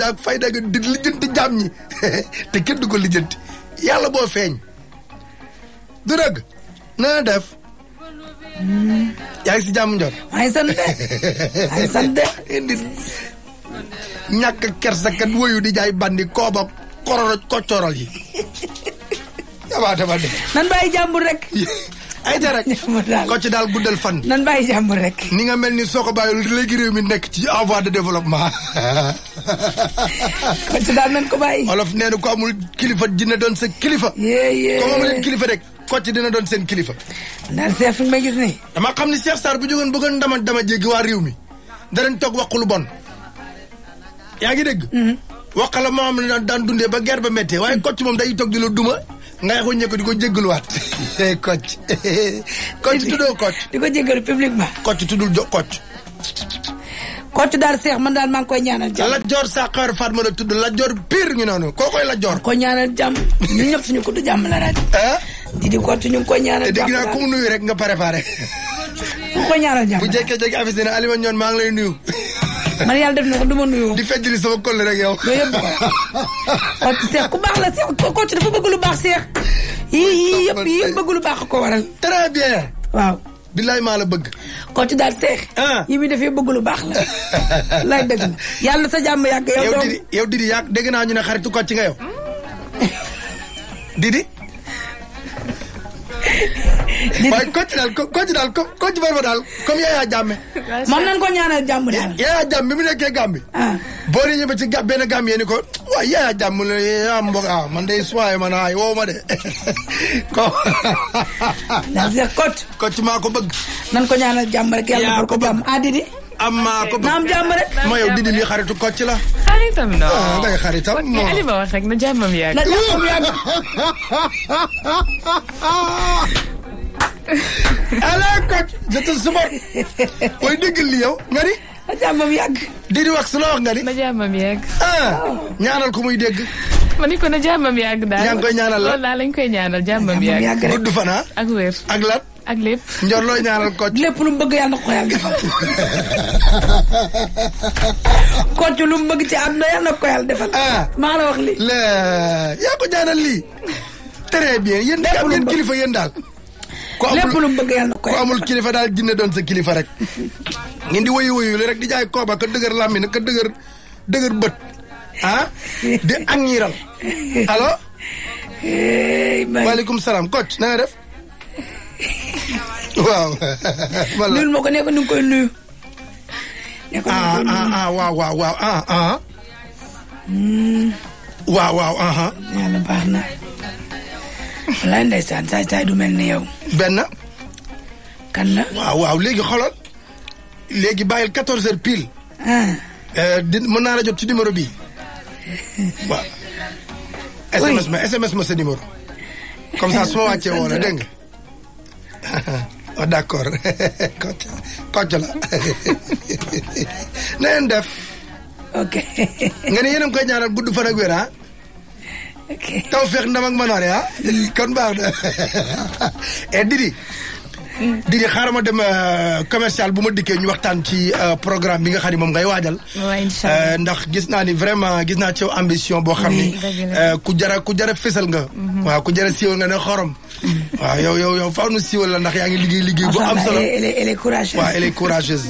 ak fayda nga di lijjanti jaam ñi te kenn du ko lijjanti yàlla boo feeñ du dëgg na def yaa ngi si jàmm njor ay sant ay sant indi ñàkk kersa kat woyu di jaay bandi kooba kororoj koccoral yi yabaate ba de nan bàyyi jàmbur rek ay dara ko ci daal guddal fan. nan bàyyi jàmm rek. ni nga mel ni soo ko bàyyi léegi réew mi nekk ci en voie de développement. ko ci daal nan ko bàyyi. olof nee ko amul kilifa dina doon sa kilifa. yee yee ko amul leen kilifa rek. Kocc dina doon seen kilifa. ndax Cheikh fi may gis nii. dama xam ni Cheikh Sarr bu jógoon bëggoon dama dama jéggi waa réew mi. danañ toog wax bon. yaa ngi dégg. Mm-hmm. wax la moo am daan dundee ba guerre ba méttee waaye Kocc moom day toog di duma. nga ko ñëkk di ko jéggaluwaat. Eh, Kocc Kocc tuddoo Kocc. di ko jéggalu publiquement. Kocc tuddul jo Kocc. Kocc daal seex man daal maa ngi koy ñaanal jàmm. Lat Joor Saxaar Fatma la tudd Lat ñu pire ngi noonu koo koy Lat Joor. ko ñaanal jàmm ñun ñëpp suñu kudd jàmm la rajo. Eh? di di Kocc ñu ngi koy ñaanal jàmm la eh, dégg naa ku mu nuyu rek nga préparé. ku ko ñaanal jàmm bu jékkee jékkee affiche yi ne Alioune ñoon maa ngi nuyu. man yàlla def na ko du ma nuyoo. di fekk sama kol rek yow. loolu yëpp kon seex ku baax la seex koo dafa bëgg lu baax seex. yii yii yii yëpp bëgg lu baax ko waral. très bëgg. koo daal seex. Ah. yi muy defee bëgg lu baax la. lay dëgg la yàlla sa jàmm yàgg. yow didi yow didi yàgg dégg naa ñu ne xaritu kocc nga yow. didi. waaye ko ci daal ko ci daal ko ci barba daal comme Yaya Jammeh. man nañ ko ñaanal jàmm daal. Yaya Jammeh bi mu nekkee Gambie. Ah. boo dee ñëw ci ga benn Gambie ni ko waaw Yaya Jammeh la yaa mbokk ah man de suwaay man ay woo ma de. ko. ndax c'est cote. cote maa ko bëgg. nan ko ñaanal jàmm rek yàlla na ko jàmm ah Didi. am maa ko bëgg naam jàmm rek. ma yow Didi mi xaritu Kocc la. xaritam non non ah, ngay xaritam. non ok Alima wax rek na jàmmam yàgg. na jàmmam yàgg. ala coach je te supporte mooy déggal li yow nga ni. ma jàmmam yàgg. di di wax su la wax nga ni. ma jàmmam yàgg. ah ñaanal ko muy dégg. ma ni ko na jàmmam yàgg la loolu koy ñaanal jàmmam yàgg. yàgg rek gudd fan ah. lu mu bëgg lu mu bëgg ci am na yàlla na ko defal. ah maa la wax yaa ko ñaanal lii. très bien yéen. lépp lépp kilifa daal jinne doon sa kilifa rek. ngeen di woyu woyu rek di jaay kooba ka dëgër làmmiñ ka dëgër dëgër bët ah di ak ñiiral allo. salaam coach na nga def. waaw. wallaahi ah, ah, waaw waaw waaw ah, hmm. waaw waaw ah ah. yàlla baax na. saay saay du mel ni yow. benn. kan la waaw waaw léegi xoolal léegi bàyyil quatorze heures pile. Ah. Euh, di mën naa la jot ci numéro bi waaw. SMS ma SMS ma sa numéro. comme ça su ma wàccee woo la dégg nga oh na ngeen def. ok. nga ne yéen a ngi koy ñaanal gudd fan taw feex ndam ma manaare ah kon baax na et eh, Didi hmm. Didi xaaral ma dem euh, commercial bu ma dikkee ñu waxtaan ci euh, programme bi nga xam ne moom ngay waajal. Euh, ndax gis naa ni vraiment gis naa ci ambition boo xam ni. ku jara ku jara fésal nga. Mhm. waaw ku jara siiwal nga ne xorom. Hmm. waaw yow yow yow faaw nu siiwal la ndax yaa ngi liggéey liggéey bu am solo elle est elle est courageuse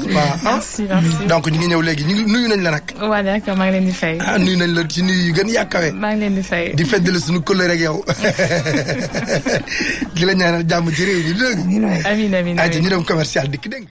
donc ñu ngi ñëw léegi ñu ngi nuyu nañ la nag waaw d'accord maa ngi leen di fay ah nuyu nañ la ci nuyu yu gën yàkkawee maa ngi leen di fay di feddali suñu kóllëre rek yow di la ñaanal jàmm ci réew mi léegi amiin amiin amiin ñu dem commercial ki dégg